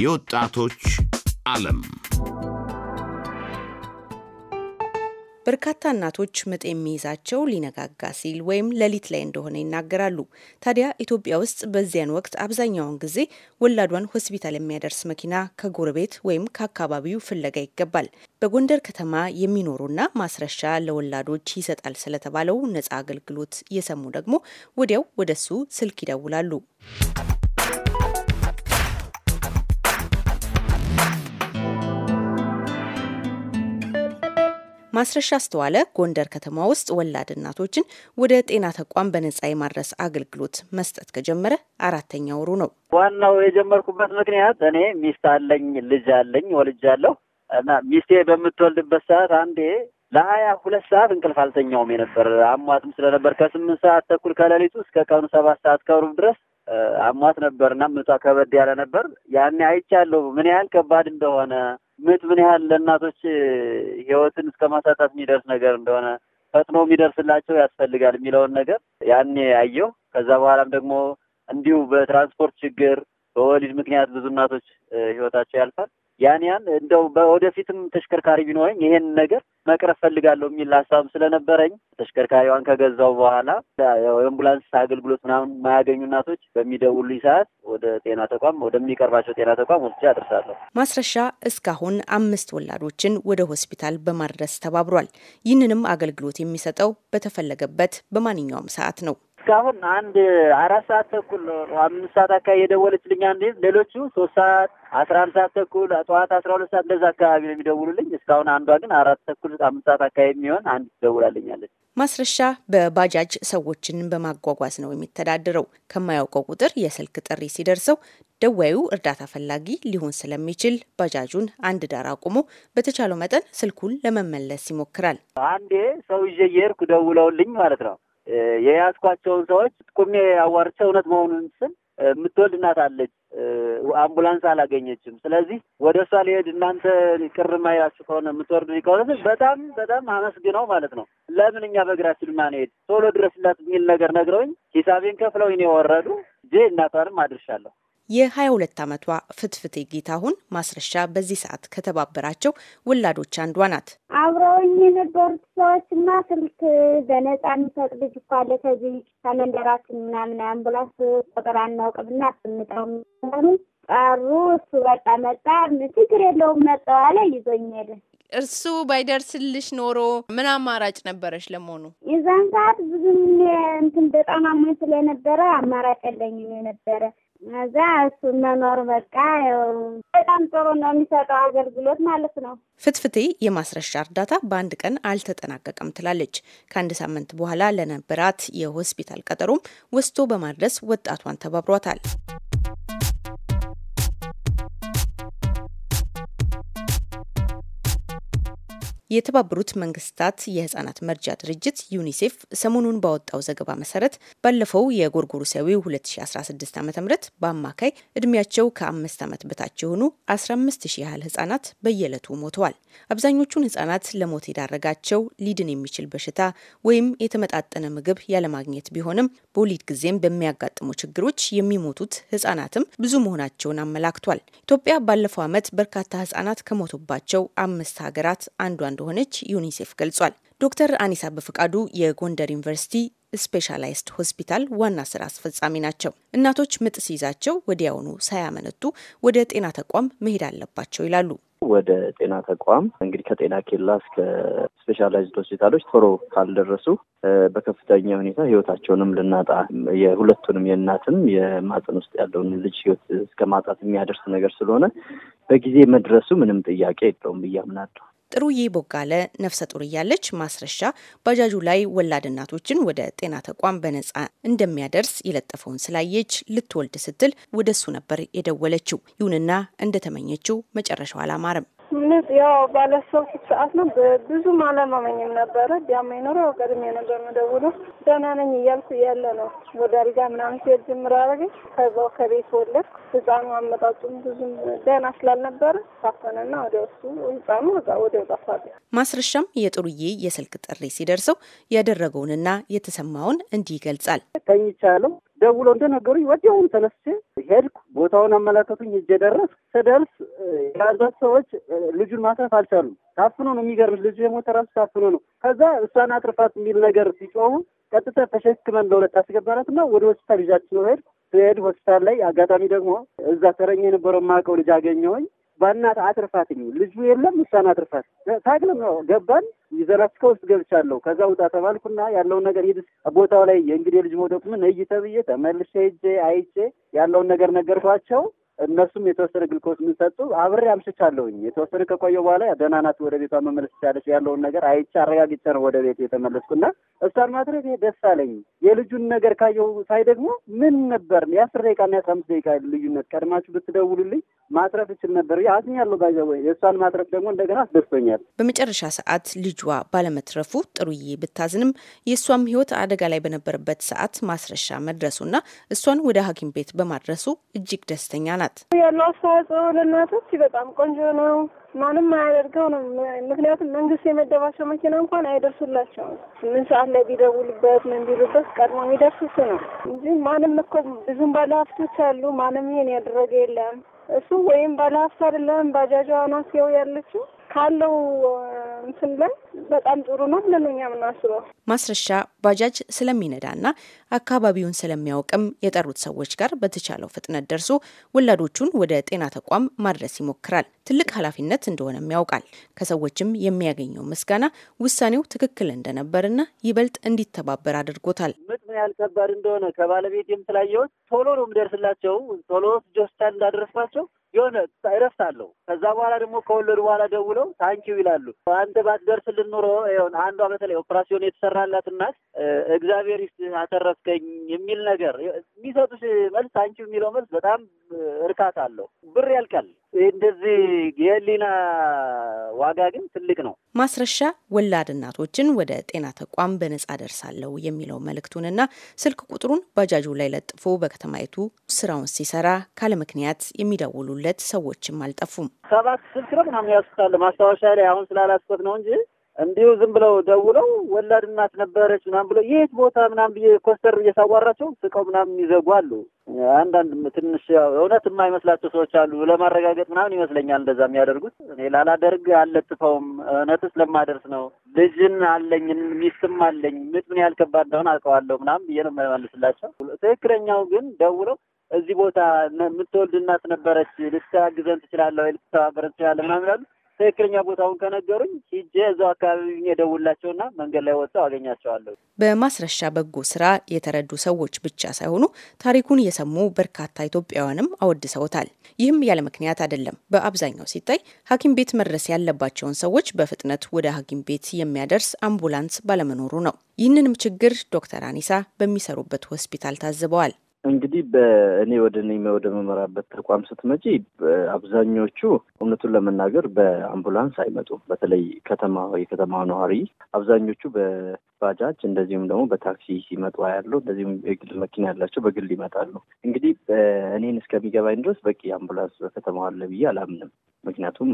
የወጣቶች ዓለም በርካታ እናቶች ምጥ የሚይዛቸው ሊነጋጋ ሲል ወይም ሌሊት ላይ እንደሆነ ይናገራሉ። ታዲያ ኢትዮጵያ ውስጥ በዚያን ወቅት አብዛኛውን ጊዜ ወላዷን ሆስፒታል የሚያደርስ መኪና ከጎረቤት ወይም ከአካባቢው ፍለጋ ይገባል። በጎንደር ከተማ የሚኖሩና ማስረሻ ለወላዶች ይሰጣል ስለተባለው ነፃ አገልግሎት የሰሙ ደግሞ ወዲያው ወደሱ ስልክ ይደውላሉ። ማስረሻ አስተዋለ ጎንደር ከተማ ውስጥ ወላድ እናቶችን ወደ ጤና ተቋም በነጻ የማድረስ አገልግሎት መስጠት ከጀመረ አራተኛ ወሩ ነው። ዋናው የጀመርኩበት ምክንያት እኔ ሚስት አለኝ፣ ልጅ አለኝ፣ ወልጃለሁ እና ሚስቴ በምትወልድበት ሰዓት አንዴ ለሀያ ሁለት ሰዓት እንቅልፍ አልተኛውም የነበር አሟትም ስለነበር ከስምንት ሰዓት ተኩል ከሌሊቱ እስከ ቀኑ ሰባት ሰዓት ከሩብ ድረስ አሟት ነበርና ምጧ ከበድ ያለ ነበር። ያኔ አይቻለሁ ምን ያህል ከባድ እንደሆነ ምት ምን ያህል ለእናቶች ህይወትን እስከ ማሳጣት የሚደርስ ነገር እንደሆነ ፈጥኖ የሚደርስላቸው ያስፈልጋል የሚለውን ነገር ያኔ አየሁ። ከዛ በኋላም ደግሞ እንዲሁ በትራንስፖርት ችግር በወሊድ ምክንያት ብዙ እናቶች ህይወታቸው ያልፋል። ያን ያን እንደው ወደፊትም ተሽከርካሪ ቢኖረኝ ይሄን ነገር መቅረፍ ፈልጋለሁ የሚል ሀሳብ ስለነበረኝ ተሽከርካሪዋን ከገዛው በኋላ የአምቡላንስ አገልግሎት ምናምን የማያገኙ እናቶች በሚደውሉ ሰዓት ወደ ጤና ተቋም ወደሚቀርባቸው ጤና ተቋም ወስጄ አደርሳለሁ። ማስረሻ እስካሁን አምስት ወላዶችን ወደ ሆስፒታል በማድረስ ተባብሯል። ይህንንም አገልግሎት የሚሰጠው በተፈለገበት በማንኛውም ሰዓት ነው። እስካሁን አንድ አራት ሰዓት ተኩል አምስት ሰዓት አካባቢ የደወለችልኝ አንድ ሌሎቹ ሶስት ሰዓት አስራ አንድ ሰዓት ተኩል ጠዋት አስራ ሁለት ሰዓት እንደዛ አካባቢ ነው የሚደውሉልኝ። እስካሁን አንዷ ግን አራት ተኩል አምስት ሰዓት አካባቢ የሚሆን አንድ ትደውላልኛለች። ማስረሻ በባጃጅ ሰዎችን በማጓጓዝ ነው የሚተዳደረው። ከማያውቀው ቁጥር የስልክ ጥሪ ሲደርሰው ደዋዩ እርዳታ ፈላጊ ሊሆን ስለሚችል ባጃጁን አንድ ዳር አቁሞ በተቻለው መጠን ስልኩን ለመመለስ ይሞክራል። አንዴ ሰው ይዤ እየሄድኩ ደውለውልኝ ማለት ነው የያዝኳቸውን ሰዎች ቁሜ አዋርቼ እውነት መሆኑን ስል የምትወልድ እናት አለች፣ አምቡላንስ አላገኘችም። ስለዚህ ወደ እሷ ሊሄድ እናንተ ቅር ማይላችሁ ከሆነ የምትወርዱ ከሆነ በጣም በጣም አመስግነው ማለት ነው። ለምን እኛ በእግራችን ማንሄድ ቶሎ ድረስላት የሚል ነገር ነግረውኝ ሂሳቤን ከፍለው ይኔ ወረዱ። እጄ እናቷንም አድርሻለሁ። የ22 ዓመቷ ፍትፍቴ ጌታሁን ማስረሻ በዚህ ሰዓት ከተባበራቸው ወላዶች አንዷ ናት። አብረውኝ የነበሩት ሰዎች እና ስልክ በነፃ የሚሰጥ ልጅ እኮ አለ ከዚህ ከመንደራችን ምናምን አምቡላንስ ቁጥር አናውቅምና አስምጠው ሚሆኑ ጠሩ። እሱ በቃ መጣ። ችግር የለውም መጣው አለ ይዞኝ ሄደ። እርሱ ባይደርስልሽ ኖሮ ምን አማራጭ ነበረች ለመሆኑ? የዛን ሰዓት ብዙም እንትን በጣም አሞኝ ስለነበረ አማራጭ የለኝም የነበረ እዛ እሱ መኖር በቃ በጣም ጥሩ ነው የሚሰጠው አገልግሎት ማለት ነው። ፍትፍቴ የማስረሻ እርዳታ በአንድ ቀን አልተጠናቀቀም ትላለች። ከአንድ ሳምንት በኋላ ለነበራት የሆስፒታል ቀጠሮም ወስቶ በማድረስ ወጣቷን ተባብሯታል። የተባበሩት መንግስታት የህጻናት መርጃ ድርጅት ዩኒሴፍ ሰሞኑን ባወጣው ዘገባ መሰረት ባለፈው የጎርጎሮሳዊ 2016 ዓ ም በአማካይ እድሜያቸው ከአምስት ዓመት በታች የሆኑ 150 ያህል ህጻናት በየዕለቱ ሞተዋል። አብዛኞቹን ህጻናት ለሞት የዳረጋቸው ሊድን የሚችል በሽታ ወይም የተመጣጠነ ምግብ ያለማግኘት ቢሆንም በወሊድ ጊዜም በሚያጋጥሙ ችግሮች የሚሞቱት ህጻናትም ብዙ መሆናቸውን አመላክቷል። ኢትዮጵያ ባለፈው ዓመት በርካታ ህጻናት ከሞቱባቸው አምስት ሀገራት አንዷ እንደሆነች ዩኒሴፍ ገልጿል። ዶክተር አኒሳ በፈቃዱ የጎንደር ዩኒቨርሲቲ ስፔሻላይዝድ ሆስፒታል ዋና ስራ አስፈጻሚ ናቸው። እናቶች ምጥ ሲይዛቸው ወዲያውኑ ሳያመነቱ ወደ ጤና ተቋም መሄድ አለባቸው ይላሉ። ወደ ጤና ተቋም እንግዲህ ከጤና ኬላ እስከ ስፔሻላይዝድ ሆስፒታሎች ቶሮ ካልደረሱ በከፍተኛ ሁኔታ ህይወታቸውንም ልናጣ የሁለቱንም የእናትም የማህፀን ውስጥ ያለውን ልጅ ህይወት እስከ ማጣት የሚያደርስ ነገር ስለሆነ በጊዜ መድረሱ ምንም ጥያቄ የለውም ብዬ አምናለሁ። ጥሩዬ ቦጋለ ነፍሰ ጡር እያለች ማስረሻ ባጃጁ ላይ ወላድ እናቶችን ወደ ጤና ተቋም በነጻ እንደሚያደርስ የለጠፈውን ስላየች ልትወልድ ስትል ወደሱ ነበር የደወለችው። ይሁንና እንደተመኘችው መጨረሻው አላማረም። ምንስ ያው ባላሰብኩት ሰዓት ነው። ብዙም አላመመኝም ነበረ። ቢያመኝ ኖሮ ቀድሜ ነበር የምደውለው። ደህና ነኝ እያልኩ ያለ ነው ወደ አልጋ ምናምን ሲሄድ ጅምር አደረገኝ። ከዛው ከቤት ወለድኩ። ህፃኑ አመጣጡም ብዙም ደህና ስላልነበረ ታፈነና ወደ ውስጡ ህፃኑ ወደ ጠፋል። ማስረሻም የጥሩዬ የስልክ ጥሪ ሲደርሰው ያደረገውንና የተሰማውን እንዲህ ይገልጻል። ተኝቻለሁ ደውሎ እንደነገሩኝ ወዲያውኑ ተነስቼ ሄድኩ። ቦታውን አመላከቱኝ። እጀ ደረስ ስደርስ የያዟት ሰዎች ልጁን ማትረፍ አልቻሉም። ታፍኖ ነው። የሚገርምሽ ልጁ የሞተ ራሱ ታፍኖ ነው። ከዛ እሷን አትርፋት የሚል ነገር ሲጮሁ ቀጥታ ተሸክመን ለሁለት አስገባናት እና ወደ ሆስፒታል ይዣችን ነው ሄድ ሄድ ሆስፒታል ላይ አጋጣሚ ደግሞ እዛ ተረኛ የነበረው የማውቀው ልጅ አገኘሁኝ። አትርፋት አትርፋትኝ ልጁ የለም እሷን አትርፋት ታግለም ነው ገባን ይዘናት ውስጥ ገብቻለሁ። ከዛ ውጣ ተባልኩና ያለውን ነገር ሂድ ቦታው ላይ እንግዲህ ልጅ መውደቁ ምን እይ ተብዬ ተመልሼ ሄጄ አይቼ ያለውን ነገር ነገርኳቸው። እነሱም የተወሰነ ግልኮስ የምንሰጡ አብሬ አምሽቻለሁኝ። የተወሰነ ከቆየ በኋላ ደህና ወደ ቤቷ መመለስ ቻለች ያለውን ነገር አይቼ አረጋግጬ ነው ወደ ቤት የተመለስኩና እሷን ማድረግ ደስ አለኝ። የልጁን ነገር ካየው ሳይ ደግሞ ምን ነበር የአስር ደቂቃ እና የአስራ አምስት ደቂቃ ልዩነት ቀድማችሁ ብትደውሉልኝ ማትረፍ እችል ነበር። አዝኛለሁ ባይ ዘ ወይ የእሷን ማትረፍ ደግሞ እንደገና አስደስቶኛል። በመጨረሻ ሰዓት ልጇ ባለመትረፉ ጥሩዬ ብታዝንም የእሷም ህይወት አደጋ ላይ በነበረበት ሰዓት ማስረሻ መድረሱና እሷን ወደ ሐኪም ቤት በማድረሱ እጅግ ደስተኛ ናት። አላት። ያለው አስተዋጽኦ ለእናቶች በጣም ቆንጆ ነው። ማንም አያደርገው ነው። ምክንያቱም መንግስት የመደባቸው መኪና እንኳን አይደርሱላቸውም። ስምንት ሰዓት ላይ ቢደውልበት ምን ቢሉበት ቀድሞ የሚደርሱት ነው እንጂ ማንም እኮ ብዙም ባለሀብቶች አሉ። ማንም ይሄን ያደረገ የለም። እሱ ወይም ባለሀብት አይደለም፣ ባጃጇ ናት ያው ያለችው ካለው እንትን ላይ በጣም ጥሩ ነው ብለን እኛ የምናስበው። ማስረሻ ባጃጅ ስለሚነዳና አካባቢውን ስለሚያውቅም የጠሩት ሰዎች ጋር በተቻለው ፍጥነት ደርሶ ወላዶቹን ወደ ጤና ተቋም ማድረስ ይሞክራል። ትልቅ ኃላፊነት እንደሆነም ያውቃል። ከሰዎችም የሚያገኘው ምስጋና ውሳኔው ትክክል እንደነበርና ይበልጥ እንዲተባበር አድርጎታል። ምጥ ያህል ከባድ እንደሆነ ከባለቤት የምትላየዎች ቶሎ ነው የምደርስላቸው ቶሎ ጆስታ እንዳደረስባቸው የሆነ እረፍት አለው። ከዛ በኋላ ደግሞ ከወለዱ በኋላ ደውለው ታንኪው ይላሉ። አንተ ባትደርስልን ኖሮ ሆን አንዷ በተለይ ኦፕራሲዮን የተሰራላት እናት እግዚአብሔር ይስጥህ አተረፍከኝ የሚል ነገር የሚሰጡት መልስ ታንኪው የሚለው መልስ በጣም እርካታ አለው። ብር ያልቃል። እንደዚህ የህሊና ዋጋ ግን ትልቅ ነው። ማስረሻ ወላድ እናቶችን ወደ ጤና ተቋም በነጻ ደርሳለሁ የሚለው መልእክቱንና ስልክ ቁጥሩን ባጃጁ ላይ ለጥፎ በከተማይቱ ስራውን ሲሰራ ካለ ምክንያት የሚደውሉለት ሰዎችም አልጠፉም። ሰባት ስልክ ነው ምናምን ያስታለ ማስታወሻ ላይ አሁን ስላላስኮት ነው እንጂ እንዲሁ ዝም ብለው ደውለው ወላድ እናት ነበረች ምናምን ብለው የት ቦታ ምናምን ብዬ ኮስተር ብዬ ስቀው ምናምን ይዘጉ አሉ። አንዳንድ ትንሽ እውነት የማይመስላቸው ሰዎች አሉ። ለማረጋገጥ ምናምን ይመስለኛል እንደዛ የሚያደርጉት። እኔ ላላደርግ አልለጥፈውም። እውነትስ ለማደርስ ነው። ልጅን አለኝ ሚስትም አለኝ ምጥ ምን ያህል ከባድ እንደሆነ አውቀዋለሁ ምናምን ብዬ ነው የምመልስላቸው። ትክክለኛው ግን ደውለው እዚህ ቦታ የምትወልድ እናት ነበረች፣ ልታግዘን ትችላለህ ወይ ልትተባበረን ትችላለህ ምናምን ይላሉ። ትክክለኛ ቦታውን ከነገሩኝ ሂጄ እዛው አካባቢ የደውላቸውና መንገድ ላይ ወጥተው አገኛቸዋለሁ። በማስረሻ በጎ ስራ የተረዱ ሰዎች ብቻ ሳይሆኑ ታሪኩን የሰሙ በርካታ ኢትዮጵያውያንም አወድሰውታል። ይህም ያለ ምክንያት አይደለም። በአብዛኛው ሲታይ ሐኪም ቤት መድረስ ያለባቸውን ሰዎች በፍጥነት ወደ ሐኪም ቤት የሚያደርስ አምቡላንስ ባለመኖሩ ነው። ይህንንም ችግር ዶክተር አኒሳ በሚሰሩበት ሆስፒታል ታዝበዋል። እንግዲህ በእኔ ወደ እኔ ወደ መመራበት ተቋም ስትመጪ አብዛኞቹ እውነቱን ለመናገር በአምቡላንስ አይመጡም። በተለይ ከተማ የከተማ ነዋሪ አብዛኞቹ በባጃጅ እንደዚሁም ደግሞ በታክሲ ሲመጡ ያሉ እንደዚሁም የግል መኪና ያላቸው በግል ይመጣሉ። እንግዲህ እኔን እስከሚገባኝ ድረስ በቂ አምቡላንስ በከተማ አለ ብዬ አላምንም። ምክንያቱም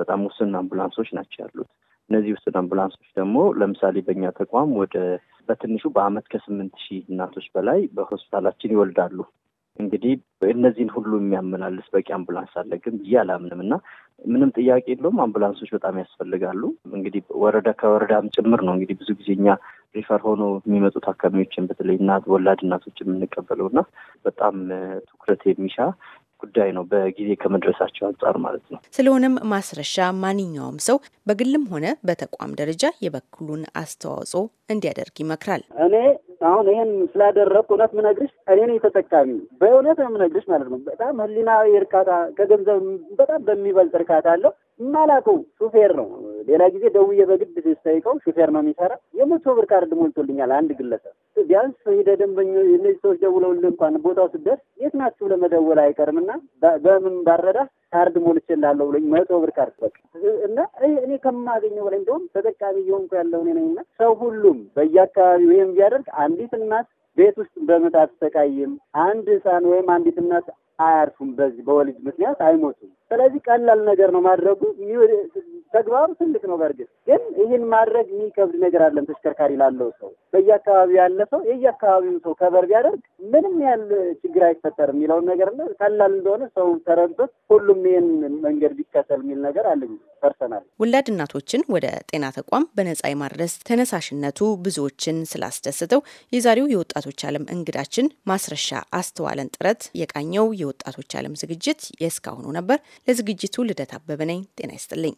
በጣም ውስን አምቡላንሶች ናቸው ያሉት። እነዚህ ውስን አምቡላንሶች ደግሞ ለምሳሌ በእኛ ተቋም ወደ በትንሹ በአመት ከስምንት ሺህ እናቶች በላይ በሆስፒታላችን ይወልዳሉ። እንግዲህ እነዚህን ሁሉ የሚያመላልስ በቂ አምቡላንስ አለ ግን ብዬ አላምንም እና ምንም ጥያቄ የለውም አምቡላንሶች በጣም ያስፈልጋሉ። እንግዲህ ወረዳ ከወረዳም ጭምር ነው እንግዲህ ብዙ ጊዜ እኛ ሪፈር ሆኖ የሚመጡ ታካሚዎችን በተለይ እናት ወላድ እናቶች የምንቀበለው እና በጣም ትኩረት የሚሻ ጉዳይ ነው፣ በጊዜ ከመድረሳቸው አንጻር ማለት ነው። ስለሆነም ማስረሻ ማንኛውም ሰው በግልም ሆነ በተቋም ደረጃ የበኩሉን አስተዋጽኦ እንዲያደርግ ይመክራል። እኔ አሁን ይህን ስላደረግኩ እውነት ምነግርሽ እኔ ነው ተጠቃሚ በእውነት ምነግርሽ ማለት ነው። በጣም ህሊናዊ እርካታ ከገንዘብ በጣም በሚበልጥ እርካታ አለው። የማላውቀው ሹፌር ነው። ሌላ ጊዜ ደውዬ በግድ ስጠይቀው ሹፌር ነው የሚሰራ የመቶ ብር ካርድ ሞልቶልኛል አንድ ግለሰብ ቢያንስ ሄደ ደንበኞ እነዚህ ሰዎች ደውለውልህ እንኳን ቦታው ስደርስ የት ናችሁ ለመደወል አይቀርም እና በምን ባረዳ ካርድ ሞልቼልሃለሁ ብሎኝ መቶ ብር ካርድ በቃ እና እኔ ከማገኘው በላይ እንደውም ተጠቃሚ እየሆንኩ ያለው እኔ ነኝ እና ሰው ሁሉም በየአካባቢው ይህም ቢያደርግ አንዲት እናት ቤት ውስጥ በምጥ አትሰቃይም። አንድ ህፃን ወይም አንዲት እናት አያርፉም። በዚህ በወሊድ ምክንያት አይሞቱም። ስለዚህ ቀላል ነገር ነው ማድረጉ ተግባሩ ትልቅ ነው። በእርግጥ ግን ይህን ማድረግ የሚከብድ ነገር አለን። ተሽከርካሪ ላለው ሰው በየአካባቢው ያለ ሰው የየአካባቢው ሰው ከበር ቢያደርግ ምንም ያህል ችግር አይፈጠርም የሚለውን ነገር ቀላል እንደሆነ ሰው ተረድቶት ሁሉም ይህን መንገድ ቢከተል የሚል ነገር አለኝ ፐርሰናል። ወላድ እናቶችን ወደ ጤና ተቋም በነጻ የማድረስ ተነሳሽነቱ ብዙዎችን ስላስደስተው የዛሬው የወጣቶች አለም እንግዳችን ማስረሻ አስተዋለን ጥረት የቃኘው የወጣቶች አለም ዝግጅት የእስካሁኑ ነበር። ለዝግጅቱ ልደት አበበ ነኝ። ጤና ይስጥልኝ።